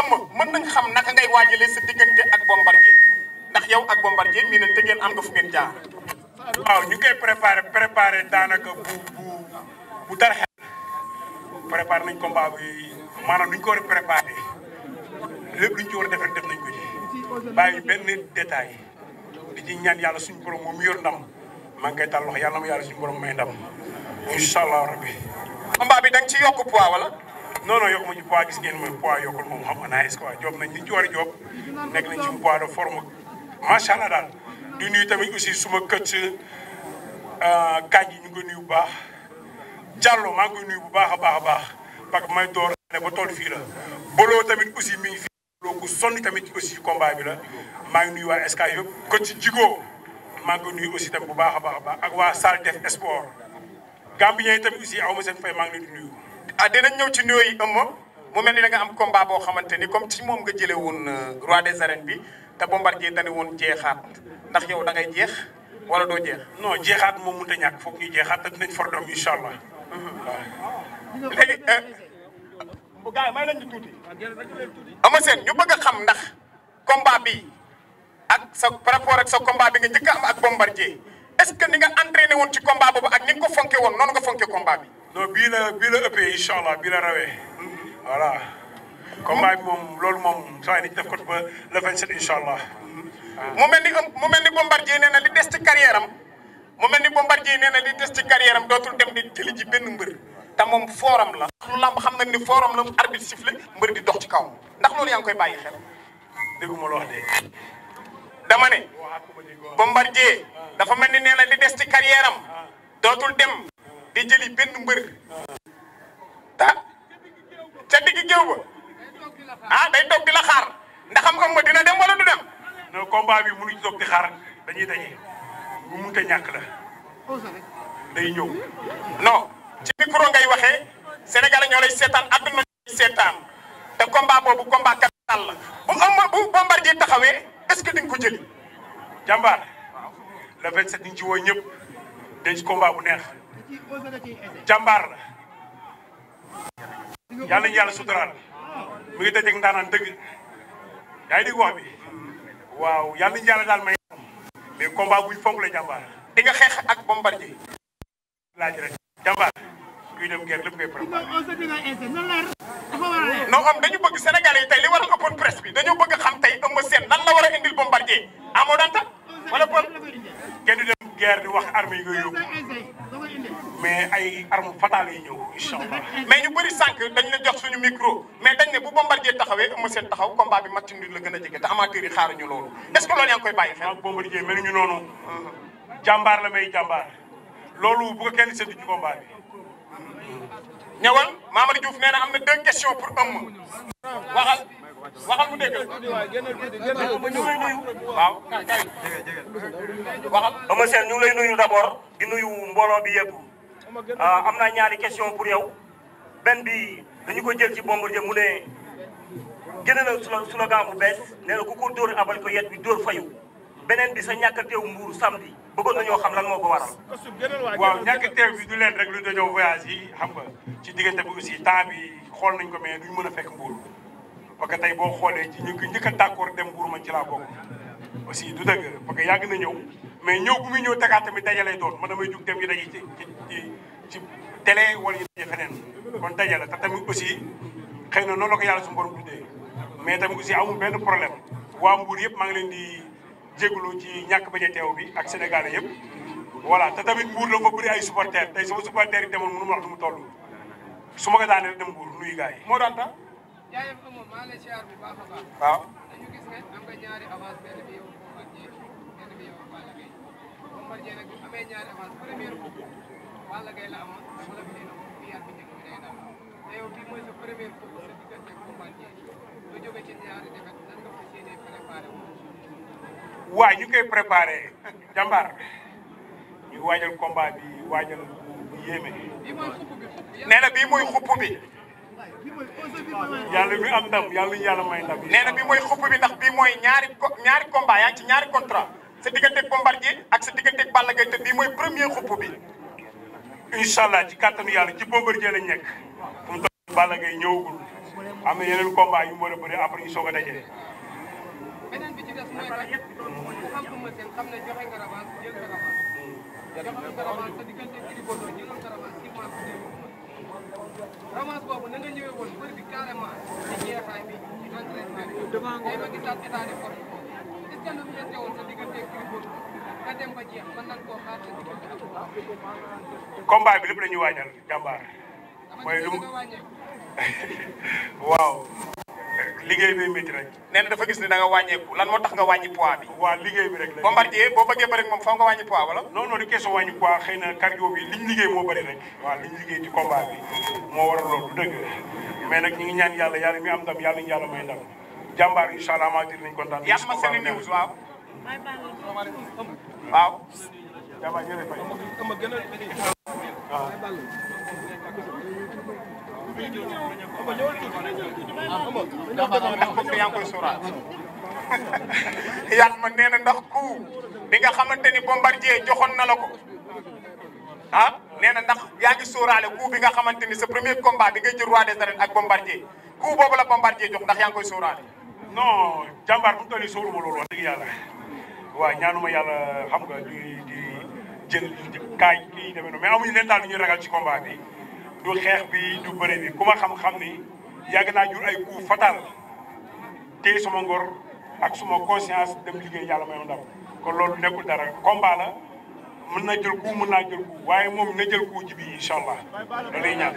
xam nga mën nañ xam naka ngay waajalee sa diggante ak Bombardier ndax yow ak Bombardier mii nañ te am nga fu ngeen jaar. waaw ñu koy bu bu bu dara xel. préparé nañ combat bi maanaam duñ ko war a luñ ci war def rek def nañ ko ci bàyyi benn détail di ci ñaan yàlla suñu borom yor ndam suñu borom may ndam rabbi combat bi ci poids wala. non non yokkuma ci poids gis ngeen mooy poids yokkul moom xam nga naaj quoi joob nañ ni ñu ci war a joob nekk nañ ci poids de forme macha allah daal. di nuyu tamit aussi suma kët kañ yi ñu ngi koy nuyu bu baax Diallo maa ngi koy bu baax a baax a baax parce que may door ne ba toll fii la. Bolo tamit aussi mi ngi fi loo ko sonn tamit aussi combat bi la maa ngi nuyu waa SK yëpp kët Jigo maa ngi koy aussi tamit bu baax a baax a baax ak waa salle def sport Gambien tamit aussi aw ma seen maa ngi leen ah dinañ ñëw ci nuyoo yi ëmma mu mel ni da nga am combat boo ni comme ci moom nga woon euh, roi des bi te bombardier dane woon jeexaat ndax yow da ngay jeex wala doo jeex. non jeexaat moom mënut a ñàkk foog ñu jeexaat te dinañ fordom incha allah. waaw euh, tuuti. ama seen ñu bëgg a xam ndax combat bi ak sa par rapport sa combat bi nga njëkk am ak bombardier est-ce que ni nga entraîné woon ci combat boobu ak ni nga ko fonke woon noonu nga fonke combat bi. no bila bila bii inshallah bila incha voilà comme bi mom lolou mom saa def ko ba le 27 inshallah allah. mu mel ni mu mel ni Bombardier nee li des ci carrière am mu mel ni Bombardier nee li des ci carrière am dem di jëli ji ben mbeur ta mom forum la. lu lamb xam nañ ni forum la arbitre sifflé mbeur di dox ci kaw ndax lolou yang koy bayyi xel. deguma lo wax de dama ne Bombardier dafa melni ni li des ci carrière am dem di jëli benn mbeur ta ca digg géew ba ah day dog di la xaar ndax xam nga dina dem wala du dem. no combat bi munu dog di xaar dañuy daje bu mu ta ñak la day ñew no ci micro ngay waxee Sénégal ñoo lay seetaan adduna ñoo lay te combat bobu combat capital la bu am bu Bombardier taxawé est-ce que di ko jëli. jàmbaar le 27 ñu ci woo ñëpp denc combat bu neex jambar yalla yàlla ñu yàlla suturaal mu ngi tejj ndaanaan dëgg yaa ngi dégg wax bi waaw yalla ñu yàlla daal may mais combat buñ fonk la jambar di nga xex ak bombardier laaj rek jambar kuy dem guerre lepp ngay préparé non am dañu bëgg sénégalais tay tey li waral open presse bi dañu bëgg xam tay ëmb Sène lan la wara indil bombardier amoo danta wala bon kenn guerre di wax armes yi nga yóbbu mais ay armes fatales yi ñëw incha allah mais ñu bëri sànq dañ ne jox suñu micro mais dañ ne bu Bombardier taxawee Eumeu seen taxaw combat bi match nul la gën a jege te amateur yi xaaruñu loolu est ce que loolu yaa ngi koy bàyyi xel. waaw Bombardier mel ñu noonu jàmbaar la may jàmbaar loolu bu ko kenn séntu ci combat bi. ñëwal Mamadou Diouf nee na am na deux questions pour Eumeu waxal. waxal mu dégg waaw waxal ama seen ñu ngi lay nuyu d'abord di nuyu mbooloo bi yëpp ah, am naa ñaari question pour yow benn bi dañu ko jël ci Bombardier mu ne génne na slogan bu bees nee ku ko dóor abal ko yet bi dóor fayu beneen bi sa ñàkk a teew mbuur samedi bëggoon nañoo xam na lan moo ko waral. waaw ñàkk teew bi du leen rek lu dañoo voyage yi xam nga ci diggante bi aussi temps bi xool nañ ko mais duñ mën a fekk mbuur parce que tey boo xoolee ci ñu ngi njëkk a d'accord dem Mbour man ci laa bokk aussi du dëgg parce que yàgg na ñëw mais ñëw bu muy ñëw Dakar tamit daje lay doon man damay jug dem ci ci ci télé wala kon daje la tamit aussi xëy na noonu la yàlla suñu borom mais tamit aussi amul benn problème waa Mbour yëpp maa ngi leen di jégalu ci ñàkk ba a teew bi ak Sénégalais yëpp voilà te tamit Mbour la fa bëri ay supporters tey sama supporters yi demoon mënu ma wax nu mu toll su ma ko daanee dem Mbour nuyu gars moo daan tax waaw. waaw ñu koy préparé jàmbaar ñu waajal combat bi waajal bu yéeme nee na bii mooy xupp bi. yàlla bi am ndam yàlla ñu yàlla may ndam. nee na bi mooy xupp bi ndax bi mooy ñaari ñaari combat yaa ngi ci ñaari contrat sa digganteeg Bombardier ak sa digganteeg Balla Gaye te bii mooy premier xupp bi. incha allah ci kàttanu yàlla ci Bombardier lañ nekk Balla Gaye ñëwagul a a romance boobu na nga ñëwee woon mbër bi carrément ci jeexaay bi ci entraînement bi. devant nga ma gisaat état de forme est-ce que lu mu dese woon sa diggante kii nga dem ba jeex mën nañ koo xaar sa diggante ak combat bi lépp la ñuy waajal jàmbaar mooy lu mu waaw. liggéey bi métti rek nee na dafa gis ne da nga wàññeeku lan moo tax nga wàññi poids bi waaw liggéey bi rek la Bombardier boo bëggee bëri moom faw nga wàññi poids wala non non di keesu wàññi poids xëy na cardio bi liñ liggéey moo bëri rek waaw liñ liggéey ci combat bi moo waral loolu du dëgg mais nag ñi ngi ñaan yàlla yàlla mi am ndam yàlla ñu yàlla may ndam jàmbaar incha allah amateur nañ kontaan yàlla ma seen news waaw waaw jàmbaar jërëjëf yàlla ma nee ndax ku bi nga xamante bombardier joxoon na ah ndax yaa ngi ku bi nga xamante sa premier combat bi ngay jël roi des arènes ak bombardier ku boobu la bombardier jox ndax yaa koy sóoraale. non bu wax ñaanuma xam nga di di jël kaay kii demee noonu mais amuñu leen ñu ragal ci combat bi du xex bi du bëri bi kuma xam-xam ni yàgg naa jur ay coup fatal téye suma ngor ak suma conscience dem liggéey yàlla mayoon ndam kon loolu nekkul dara combat la mën na jël coup mën naa jël coup waaye moom na jël coup ci bi incha allah ñaan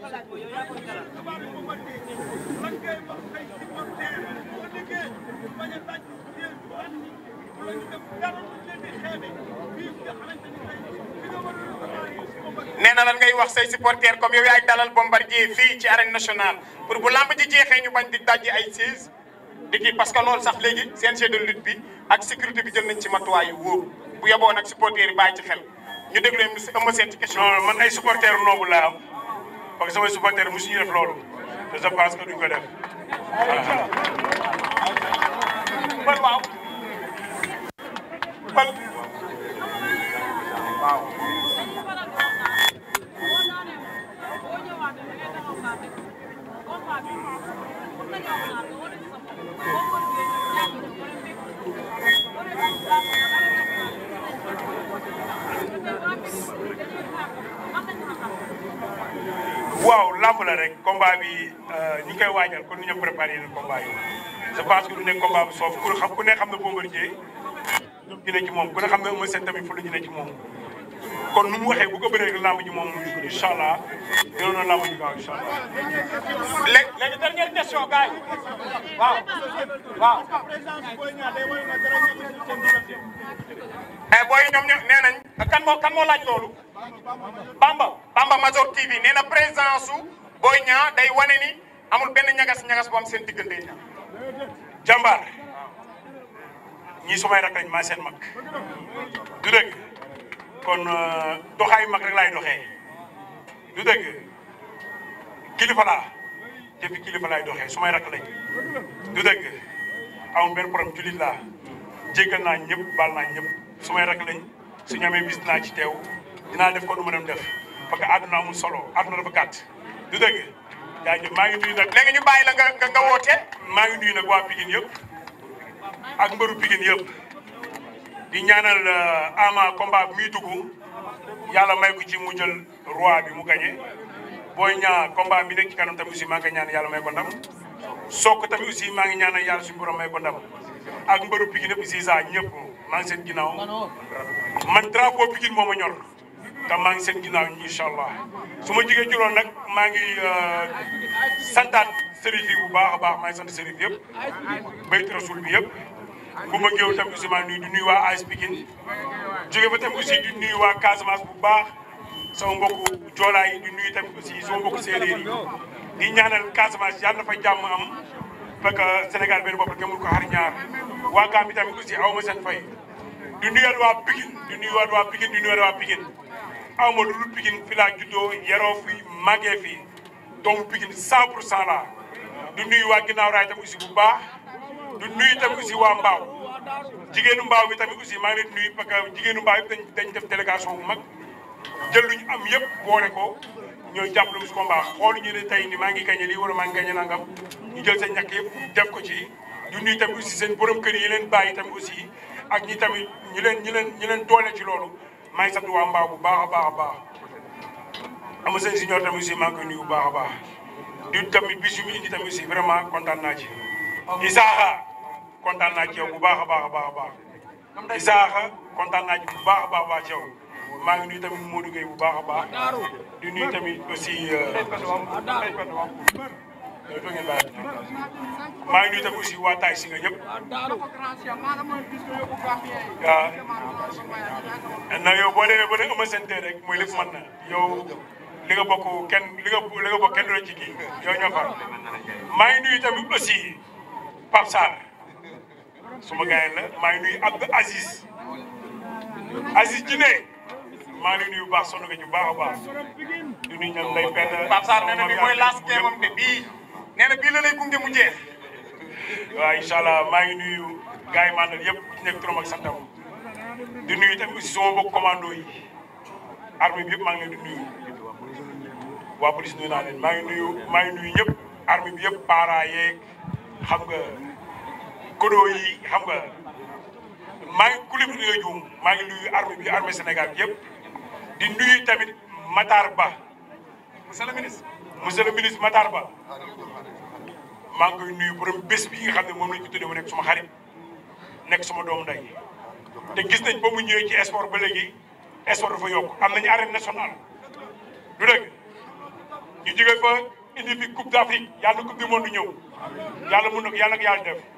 Thank you. nee na lan ngay wax say supporters comme yow yaay dalal Bombardier fii ci arène nationale pour bu lamb ji jeexee ñu bañ di dajji ay siis di kii parce que loolu sax léegi CNG de lutte bi ak sécurité bi jël nañ ci matuwaay yu wóor bu yeboo nag supporters yi ci xel ñu déglu Eumeu Sène ci question. non man ay supporters noobu laa am parce que samay supporters mosu ñu def loolu te je pense que duñ def jàppal waaw waaw làmb la rek combat bi euh, ñu koy waajal kon ni ñu préparé leen combat yi je pense que ne combat bu soof ku xam ne xam na ñoom jëlee ci moom ku xam ne Eumeu Sène tamit fu la jëlee ci moom kon nu mu waxee bu ko bëree làmb moom incha allah jëloon na làmb ji gaaw incha allah. léegi léegi eh, booy ñoom ñoom nee nañ kan moo kan moo laaj loolu. Bamba Bamba Major TV nee na présence su Boy Niang day wane ni amul benn ñagas ñagas bu seen diggante ñaar jàmbaar. ñii sumay rak lañ maa seen mag du dëgg kon euh, doxaayu mag rek laay doxee du dëgg kilifa laa te fi kilifa laay doxee sumay rak lañ du dëgg amul benn problème jullit laa jéggal naa ñëpp baal naa ñëpp sumay rak lañ su ñu amee bis dinaa ci teew dinaa def ko nu ma dem def parce que àdduna amul solo àdduna dafa gàtt du dëgg jaajëf maa ngi nuyu nag léegi ñu bàyyi la nga nga maa ngi nuyu nag waa Pikine yëpp ak mbeuru pigine yeb di ñaanal euh, Ama combat bi muy duggu yalla may ko ci mu jël roi bi mu gagné boy ñaa combat bi nek ci kanam tam aussi ma nga ñaan yalla may ko ndam sokk tam aussi ma nga ñaanal yalla suñu borom may ko ndam ak mbeuru pigine yëpp si ñepp ma ngi seen ginaaw man drapo pigine moma ñor ta ma ngi seen ginaaw inshallah suma jige ci lool nak ma ngi euh, bu baax baax may sant yeb bayt rasul bi yeb Goumba Gueye tam aussi maa nuyu di nuyu waa AS Pikine jóge fa tam aussi di nuyu waa Casamance bu baax sama mbokku joolaa yi di nuyu tam aussi sama mbokku séeréer yi di ñaanal Casamance yàlla na fa jàmm am parce que Sénégal benn bopp gëmul ko xar ñaar waa Gambie tamit aussi aw ma seen fay di nuyuwaat waa Pikine di nuyuwaat waa Pikine di nuyuwaat waa Pikine aw lu Pikine fi laa juddoo yaroo fi màggee fi doomu Pikine 100 la di nuyu waa ginnaaw raay tam aussi bu baax. du nuyu tam aussi waa Mbaaw jigéenu Mbaaw bi tamit aussi maa leen nuyu parce que jigéenu Mbaaw yëpp dañ dañ def délégation mag jël lu ñu am yëpp boole ko ñooy jàppale su ko mbaax xoolu ñu ne tey ni maa ngi gañe lii wala maa ngi gañe nangam ñu jël seen ñàkk yëpp def ko ci du nuyu tamit aussi seen borom kër yi leen bàyyi tamit aussi ak ñi tamit ñu leen ñu leen ñu leen doole ci loolu maa ngi sant waa Mbaaw bu baax a baax a baax ama seen junior tamit aussi maa ngi koy nuyu baax a baax du tamit bis yu mu indi tamit aussi vraiment kontaan naa ci kontaan naa ci yow bu baax a baax a baax a baax Isaaxa naa ci maa ngi nuyu tamit Modou Gueye bu baax baax di nuyu tamit aussi euh, maa ngi nuyu tamit aussi waa Taay Singa ñëpp na yow boo demee ba ne ama rek mooy lépp mën na yow li nga bokk kenn li nga li nga ci kii yow ñoo maa ngi nuyu tamit aussi Pape Sarr suma gaay la maa nuyu Abdou Aziz Aziz Djiné maa ngi nuyu baax sonn nga ci baax a baax di nuyu ñoom lay benn. Pape Sarr nee na bi mooy last teemam de bii nee na bii la lay gunge mu jeex. waaw incha allah maa ngi nuyu gaay yi maanaam yëpp ci nekk turam ak santam di nuyu tam aussi sama bokk commando yi armée bi yëpp maa ngi leen di nuyu waa police nuyu naa leen maa ngi nuyu maa ngi nuyu ñëpp armée bi yëpp para yeeg xam nga godo yi xam nga maa ngi kulib li nga juum maa ngi nuyu armée bi armée Sénégal yëpp di nuyu tamit Matar Ba monsieur le ministre monsieur le ministre Matar Ba maa ngi koy nuyu borom bés bi nga xam ne moom lañ ko tuddee mu nekk suma xarit nekk suma doomu ndey te gis nañ ba mu ñëwee ci sport ba léegi sport dafa yokk am nañu arène nationale du dëgg ñu fa indi fi coupe d' Afrique yàlla coupe du monde ñëw yàlla mun na ko yàlla ak yàlla def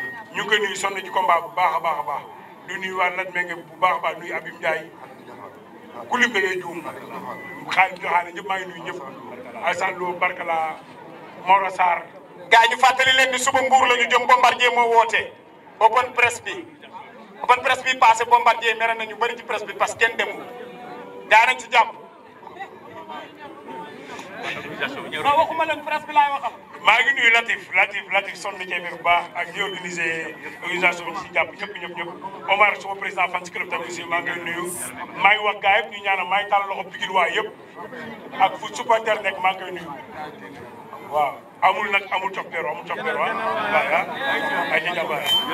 ñu ngi koy nuyu sonn ci combat bu baax a baax a baax du nuyu waa Lat Mbengue bu baax a baax nuyu Abim Ndiaye ku lim da ngay juum xaalis joxaane ñëpp maa ngi nuyu ñëpp Alassane Lo Barkala Moro Sarr gaa ñu fàttali leen ni suba mbuur la ñu jëm bombardier moo woote open press bi open press bi passé bombardier mere nañu bëri ci press bi parce que kenn demul nañ ci jàpp waxuma leen press bi laay waxal maa ngi nuyu Latif Latif Latif sonn na ceeb bu baax ak ñi organisé organisation bi si jàpp ñëpp ñëpp ñëpp Omar suma a fan si club maa ngi nuyu maa ngi wax gaa yëpp ñu maa ngi tàllal loxo Pikine waa yëpp ak fu supporter nekk maa ngi koy nuyu waaw amul nag amul coppeeru amul coppeeru waaw waaw ay